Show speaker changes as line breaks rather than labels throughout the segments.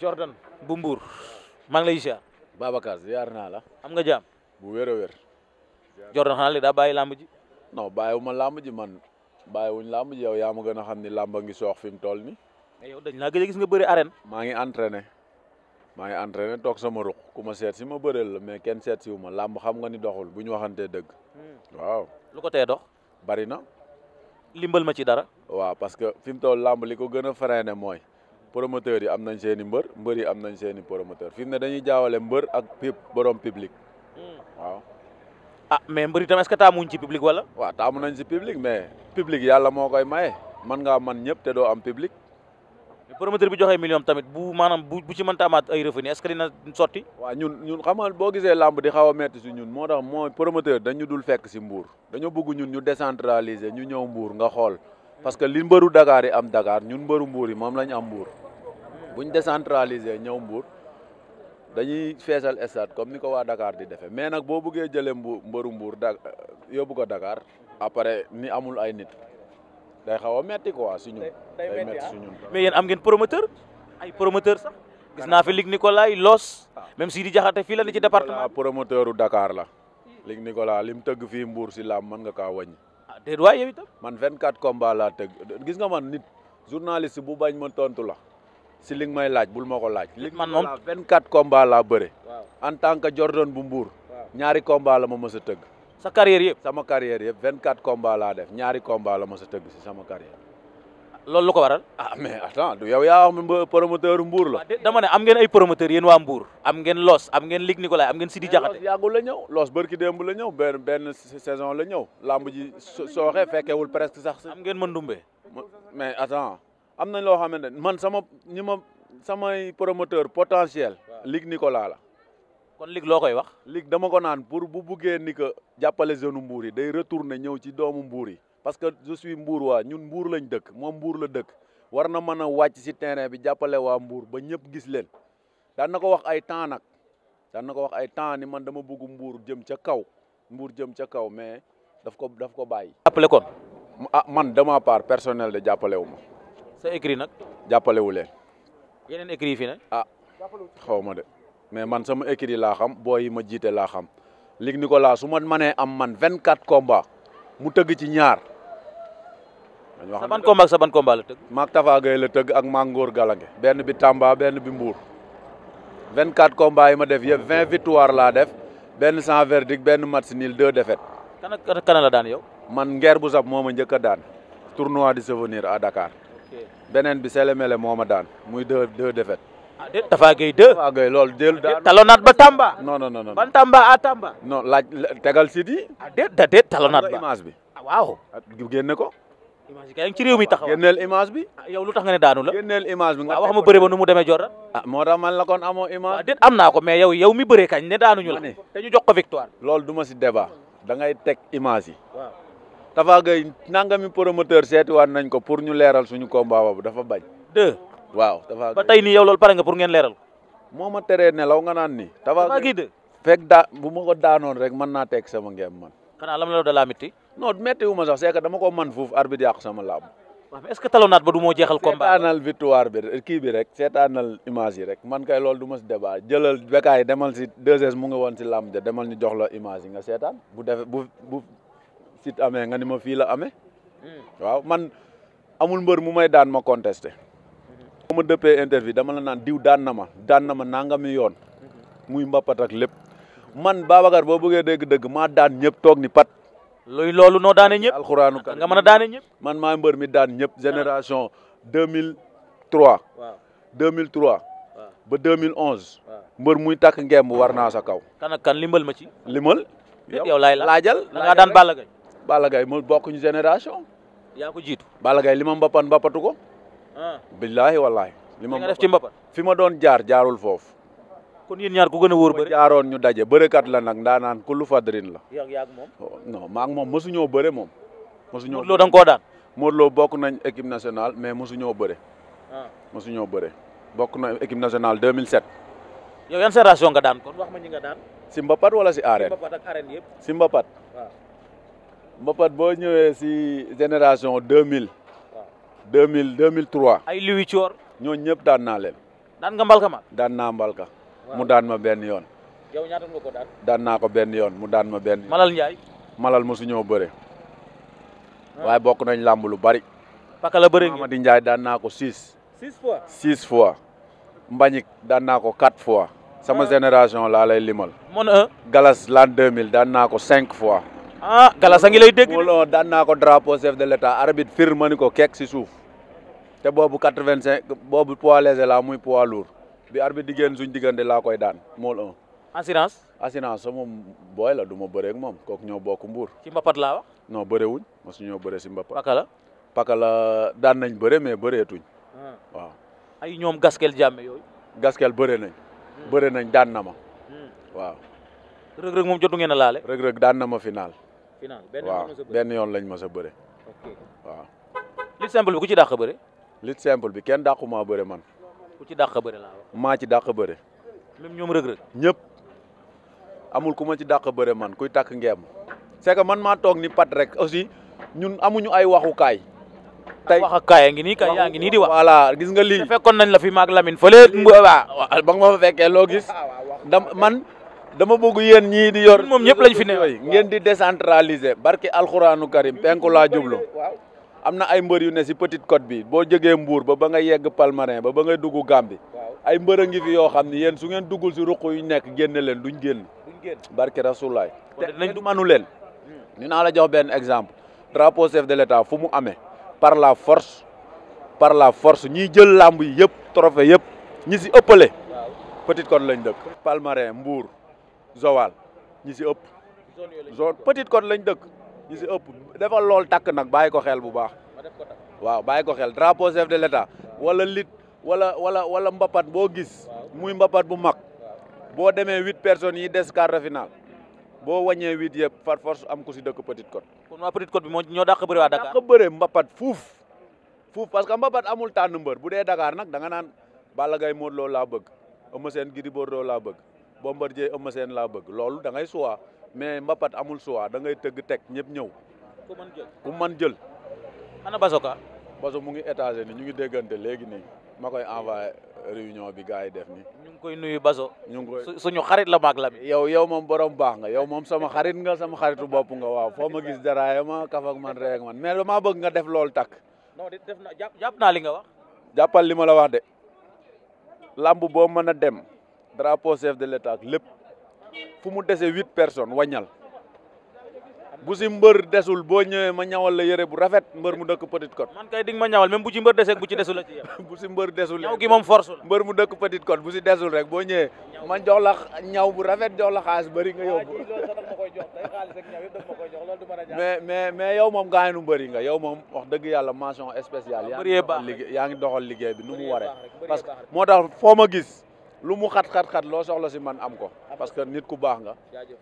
Jordan bu mbuur maa ngi lay ziar. Babacar ziar naa la. am
nga jaam. bu wér a wér. Jordan xanaa léegi daa bàyyi làmb ji. non bàyyiwuma làmb ji man bàyyiwuñ làmb ji yow yaa ma gën a xam ni làmba ngi soox fi mu toll nii. mais yow dañ laa gëj nga bëri arène. maa ngi entraîné maa ngi entraîné toog sama ruq ku ma seet si ma bëreel la mais kenn seet si wu ma làmb xam nga ni doxul bu ñu waxantee dëgg. Hmm. waaw. lu ko dox. bari na. limbal ma ci dara. waaw parce que fi mu toll làmb li ko gën a ne mooy. promoteurs yi am nañ seen i mbër mbër yi am nañ seen i promoteur fi ne dañuy jaawale mbër ak pip borom public hmm. waaw ah mais mbër yi tam est-ce que ci public wala waaw taamu nañ ci public mais public yàlla moo koy maye man ngaa man ñëpp te doo am public promoteur bi joxe
million tamit bu maanaam bu ci mënta amaat ay revenu est-ce que dina sotti
waaw ñun ñun xam boo gisee làmb di xaw a metti si ñun moo tax mooy promoteur dañu dul fekk si mbuur dañoo bëgg ñun ñu décentraliser ñu ñëw mbuur nga xool parce que li mbëru Dakar yi am Dakar ñun mbëru mbuur yi moom lañ am bu ñu décentraliser ñëw mbuur dañuy feesal stade comme ni ko waa Dakar di defee mais nag boo bëggee jëlee mbu mbëru Mbour da yóbbu ko Dakar après ni amul ay nit day xaw a metti quoi suñu day metti ah. suñu mais
yéen am ngeen promoteur ay promoteur sax gis naa fi Ligue
Nicolas Loos ah. même si di jaxate fii la ni ci departement ah, promoteur u Dakar la Ligue Nicolas lim tëgg fii Mbour si laam mën nga kaa wàññi ah déet waay yow itam man 24 combat laa tëgg gis nga man nit journaliste bu bañ ma tontu la si li nga may laaj bul ma ko laaj. li man moom 24 combats laa bëre. en tant que Jordan bu Mbour. ñaari combats la ma mës a tëgg. sa carrière yëpp. sama carrière yëpp 24 combats laa def ñaari combats la mës a tëgg si sama carrière. loolu lu ko waral. a ah, mais attends du yow yaa wax ne
promoteur Mbour la. Ah, dama ne am ngeen ay promoteurs yéen waa Mbour. am ngeen Loos am ngeen Ligue Nicolas am ngeen Sidi eh, Diakhaté.
yàggul la ñëw Loos barki démb la ñëw benn benn saison la ñëw lamb ji sooxe fekkewul presque am ngeen mën Ndumbe. mais attends am nañ loo xamante ne man sama ñi ma samay promoteur potentiel. Ligue Nicolas la. kon lig loo koy wax. Ligue dama ko naan pour bu buggee ni que jàppale jeune mbuur yi day retourner ñëw ci doomu mbuur yi parce que je suis mbuur waa ñun mbuur lañ dëkk moom mbuur la dëkk war na mën a wàcc si terrain bi jàppale waa mbuur ba ñëpp gis leen daan na ko wax ay temps nag daan na ko wax ay temps ni man dama bëgg mbuur jëm ca kaw mbuur jëm ca kaw mais daf ko daf ko bàyyi. jàppale kon. ah man de ma part personnel de jàppale ma. sa écrit nag. jàppalewu leen.
yeneen écrit yi fi ne. ah
xaw ma de mais man sama écrit yi laa xam booy yi ma jiite laa xam Luc Nicolas su ma mënee am man vingt 24 combats mu tëgg ci ñaar. dañu wax sa ban combat ak ban combat la tëgg. maak Tafa Gueye la tëgg ak maak Ngor Galange benn bi Tamba benn bi Mbour. 24 combats yi ma def yëpp 20 victoire laa def benn sans verdict benn match nil deux défaites.
kan ak kan daan yow.
man ngeer bu sab moo ma njëkk a daan tournoi du souvenir à Dakar. beneen bi Sélémélé moo ma daan muy deux deux défaites. ah déet Tafa Gueye deux. Tafa Gueye loolu dellu daan talonaat ba Tamba. non non non ban Tamba à Tamba. non laaj tegal si di. ah déet da déet talonaat ba image bi. a ah, waaw. Ah, génne ko. image bi ci réew mi taxaw génneel image bi. Ah, yow lu tax nga ne daanu la. génneel image bi nga wax ma bëre ba nu mu demee Jordan. ah moo tax man la kon amoo image. déet am naa ko mais yow yow mi bëree kañ ne ñu la. te ñu jox ko victoire. loolu du ma si débat da ngay teg image yi. Tafa Gueye nangami promoteur waan nañ ko pour ñu leeral suñu combat boobu dafa bañ. deux waaw Tafa ba tey nii yow loolu pare nga pour ngeen leeral. moo ma teree nelaw nga naan ni Tafa Gueye deux fekk daa bu ma ko daanoon rek mën naa teg sama ngem man. xanaa lam la da laa métti. non métti wu ma sax c'est dama ko man foofu arbitre yàq sama laam. waaw mais talonaat ba du moo jeexal. combat seetaanal victoire bi bi rek seetaanal image yi rek man kay loolu du ma si débat jëlal békaay demal si 2S mu nga woon si lam ja demal ñu jox la image yi nga seetaan bu defee bu bu site amee nga ni ma fii la amee hmm. waaw man amul mbër mu may daan ma contesté hmm. boo ma dëppee interview dama la naan diw daan na ma daan na ma nangami yoon hmm. muy mbappat ak lépp man Babacar boo bëggee dégg dëgg ma daan ñëpp toog ni pat luy loolu noo daane ñëpp alxuraanu kan nga mën a daane ñëpp man maa mbër mi daan ñëpp génération ah. deux mille trois deux mille trois ba deux mille onze mbër muy takk ngemb war naa sa kaw
kan ak limbal ma ci
limal yow laay laajal da ngaa daan Balla Gaye Balla Gaye mu bokkuñu génération. yaa ko jiitu Balla Gaye li ma mbappat mbappatu ko. Ah. billaahi wallaahi. li ma def ci mbappat fi ma doon jaar jaarul foofu. kon yéen ñaar ku gën a wóor bëri jaaroon ñu daje bërekat la nag ndaanaan ku fadrin la. yaa ngi moom. Oh, non maa ngi moom mosuñoo bëre moom. mosuñoo Modou Lo da nga koo daan. Modou Lo bokk nañ équipe nationale mais mosuñoo bëre. Ah. mosuñoo bëre bokk équipe nationale 2007. yow yan génération nga daan ma ñi nga daan. si mbapat wala si arène si
mbapat si mbapat. Ah.
mbapat boo ñëwee si génération deux mille. deux mille deux mille trois. ay Louis Thior. ñooñu ñëpp daan naa leen.
daan nga mbalka ma.
daan naa mbalka mu daan ma benn yoon. ko daan. naa ko benn yoon mu daan ma benn yoon. Malal Ndiaye. Malal mosu ñoo bëre. Ah. waaye bokk nañ làmb lu bari. paka la bëri ngeen Amady Ndiaye daan naa ko six. six fois six fois. Mbagnick daan naa ko quatre fois. sama ah. génération laa lay limal. mon un. Galas l'an deux mille daan naa ko cinq fois.
ah Gallas a ngi lay dégg.
wala daan naa ko drapeau chef de l' état arbitre ko kek si suuf te boobu quatre vingt cinq boobu poids léger la muy poids lourd bi arbitre di génn suñ diggante laa koy daan mool un. assurance. assurance sama booy la duma ma bëree ak moom kooku ñoo bokk mbuur. ci mbapat laa wax. no bëre wuñ mosu ñoo bëre si mbapat. paka la paka la daan nañ bëre mais bëreetuñ. Hmm. waaw. ay gaskel jàmme yooyu. gaskel bëre nañ. Hmm. bëre nañ daan na ma. Hmm. waaw. rëg-rëg moom jotu ngeen a laale. rëg-rëg daan na ma final.
final benn yoon waaw benn
yoon lañ mës a bëre. waaw. lutte simple bi ku ci dàq bëre. lutte simple bi kenn dàqu maa bëre man. ku ci dàq bëre laa maa ci dàq bëre. même ñoom rëg-rëg. ñëpp ku ma ci dàq bëre man kuy takk ngeem. c'est que man maa toog ni pat rek aussi ñun amuñu ay waxukaay. tey wax ak kaay ngi nii kaay yaa ngi nii di wax. gis nga lii fekkoon nañ la fi maag fële. ba nga ma fa fekkee loo gis. Ah, man. dama bëgg yéen ñii di yor moom ñëpp lañ fi ne ngeen di décentraliser barki alxuraanu karim penku laa jublu am na ay mbër yu ne si petite côte bi boo jógee mbuur ba ba nga yegg Palmarin ba ba ngay dugg Gambie ay mbër a ngi fi yoo xam ne yéen su ngeen duggul si ruq yu nekk génne leen duñ génn barki rasulaay te nañ du manu leen ñu naa la jox benn exemple drapeau chef de l'état fu mu amee par la force par la force ñiy jël làmb yi yëpp trophée yëpp ñi si ëppale petite côte lañ dëkk Palmarin Mbour Joal ñi si ëpp. zone petite côte lañ dëkk ñi si ëpp defal lool takk nag bàyyi ko xeel bu baax. waaw bàyyi ko xel drapeau chef de l'état wala lit wala wala wala mbapat boo gis. muy mbapat bu mag. boo demee huit personnes yi des quart de finale boo wàññee huit yëpp par force am ku si dëkk Petite Côte. kon waa Petite Côte bi moo ñoo dàq bëre waa Dakar. mbapat fuuf parce que mbapat amul tànn mbër bu dee Dakar nag danga nga naan Balla Gaye Modou Lo bëgg Eumeu Sène Gris Bordeaux laa bëgg. boo Bombardier Eumeu Sène laa bëgg loolu dangay ngay mais mbapat amul choix da ngay tëgg teg ñëpp ñëw. ku man jël ku mën jël. ana Basoka. Baso mu ngi étager ni ñu ngi déggante léegi ni ma koy envoyé réunion bi gars yi def ni ñu ngi koy nuyu Baso. ñu ngi suñu xarit la maag la mi. yow yow moom borom baax nga yow moom sama xarit nga sama xaritu bopp nga waaw foo ma gis daraaya ma kaf ak man rek man mais damaa bëgg nga def loolu takk.
non def na jàpp naa li nga wax.
jàppal li ma la wax de. lamb boo mën a dem. drapeau chef de l'état lépp fu mu dese huit personnes wañal bu si mbër desul boo ñëwee ma ñawal la yére bu rafet mbër mu dëkk Petite Côte. man kay di ma ñawal me bu ci mbër desee bu ci desul la bu si mbër desul ñaw gi moom force la. mbër mu dëkk Petite Côte bu si desul rek boo ñëwee ma jox la ñaw bu rafet jox la xaalis bëri nga yóbbu.
Ah, mais
mais mais yow moom gaañu mbëri nga yow moom wax dëgg yàlla mention spéciale. Ah, yaa ngi doxal liggéey bi nu mu waree. parce moo tax foo ma gis. lu mu xat-xat-xat loo soxla si man am ko parce que nit ku baax nga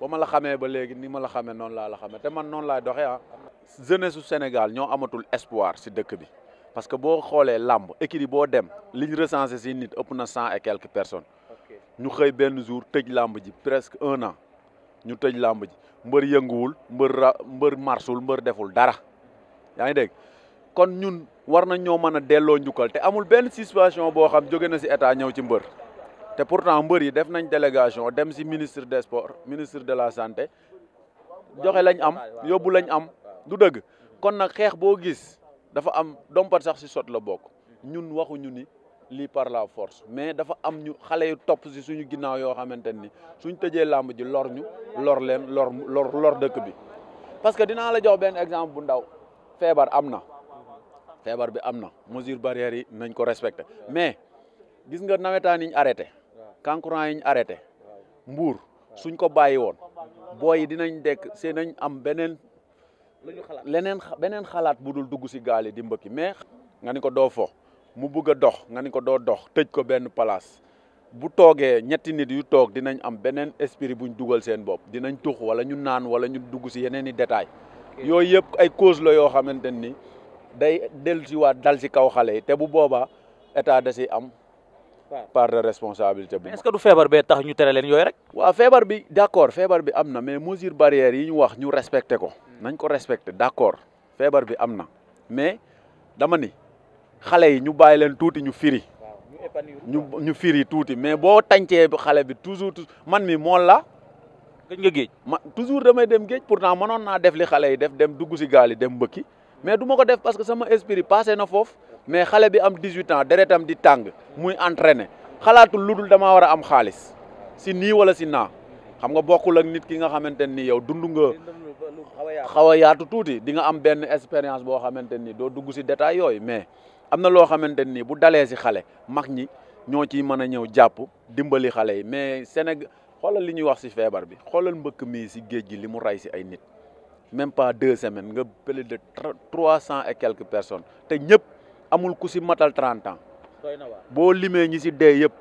ba ma la xamee ba léegi ni ma la xamee noonu laa la xamee te man noonu laay doxee ah jeunesse su Sénégal ñoo amatul espoir si dëkk bi parce que boo xoolee làmb équipe boo dem liñ recensé si nit ëpp na cent et quelques personnes ñu xëy benn jour tëj làmb ji presque un an ñu tëj làmb ji mbër yënguwul mbër ra mbër marsul mbër deful dara yaa ngi dégg kon ñun war na ñoo mën a delloo njukkal te amul benn situation boo xam jóge na si état ñëw ci mbër te pourtant mbër yi def nañ délégation dem si ministre des sports ministre de la santé
joxe lañ am yóbbu lañ
am du dëgg kon nag xeex boo gis dafa am dompat sax si sot la bokk ñun waxuñu ni lii par la force mais dafa am ñu xale yu topp si suñu ginnaaw yoo xamante ni suñ tëjee làmb ji lor ñu lor leen lor lor lor dëkk bi parce que dinaa la jox benn exemple bu ndaw feebar am na feebar bi am na mesure barrière yi nañ ko respecté mais gis nga nawetaan yi ñu arrêté kankurang yi ñu arrêté mbuur suñ ko bàyyi woon booy dinañ dekk see nañ am beneen leneen beneen xalaat bu dul dugg si gaal yi di mbëkki mais nga ni ko doo fo mu bugg a dox nga ni ko doo dox tëj ko benn place bu toogee ñetti nit yu toog dinañ am beneen esprit buñ dugal seen bopp dinañ tux wala ñu naan wala ñu dugg si yeneen i détails yooyu yëpp ay cause la yoo xamante ni day dellu si waat dal si kaw xale yi te bu boobaa état da si am part de responsabilité bu que du feebar bee tax ñu tere leen yooyu rek waaw feebar bi d'accord feebar bi am na mais mesure barrière yi ñu wax ñu respecté ko hmm. nañ ko respecté d'accord feebar bi am na mais dama ni xale yi ñu bàyyi leen tuuti ñu firi ñu ñu firi tuuti mais boo tàncee xale bi toujours man mi moo la gëj nga géej ma toujours damay dem géej pourtant mënoon naa def li xale yi def dem dugg si gaali yi dem mbëkki mais du ma ko def parce que sama esprit passé na foofu mais xale bi am 18 ans deretam di tàng muy entraîné xalaatul lu dul damaa war a am xaalis si nii wala si naa xam nga bokkul ak nit ki nga xamante nii yow dund nga xaw a yaatu tuuti di nga am benn expérience boo xamante ni doo dugg si détail yooyu mais am na loo xamante nii bu dalee si xale mag ñi ñoo ciy mën a ñëw jàpp dimbali xale yi mais Sénégal xoolal li ñuy wax si feebar bi xoolal mbëkk mii si géej gi li mu rey si ay nit même pas deux semaines nga plus trois cent et quelques personnes ñëpp. amul ku si matal 30 ans boo limee ñi si dee yëpp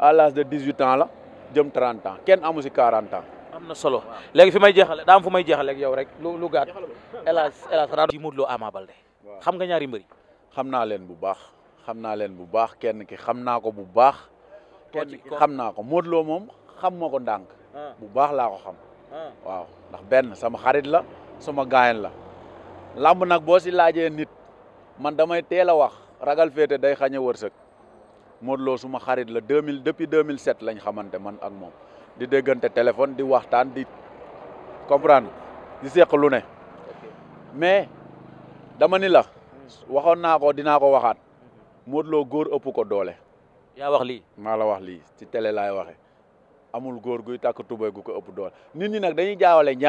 à l'âge de 18 ans la jëm 30 ans kenn amu si 40 ans. am na solo léegi fi may jeexal daam am fu may jeexale ak yow rek lu lu gàtt El Hadj El Hadj Raadou. ci Modou Lo xam nga ñaari mbëri xam naa leen bu baax xam naa leen bu baax kenn ki xam naa ko bu baax.
kenn xam
naa ko Modou moom xam ma ko ndànk. Ah. bu baax laa ko xam. Ah. waaw ndax benn sama xarit la sama gaayen la. làmb nag boo si laajee nit. man damay teel a wax ragal féete day xañe a wërsëg Modou Lo suma xarit la 2000 depuis 2007 lañ xamante man ak moom di déggante téléphone di waxtaan di comprendre di seq lu ne mais dama ni la waxoon naa ko dinaa ko waxaat Modou Lo góor ëpp ko doole. yaa wax lii maa la wax lii ci télé laay waxe amul góor guy tàkk tubay gu ko ëpp doole nit ñi nag dañuy jaawale ñaar.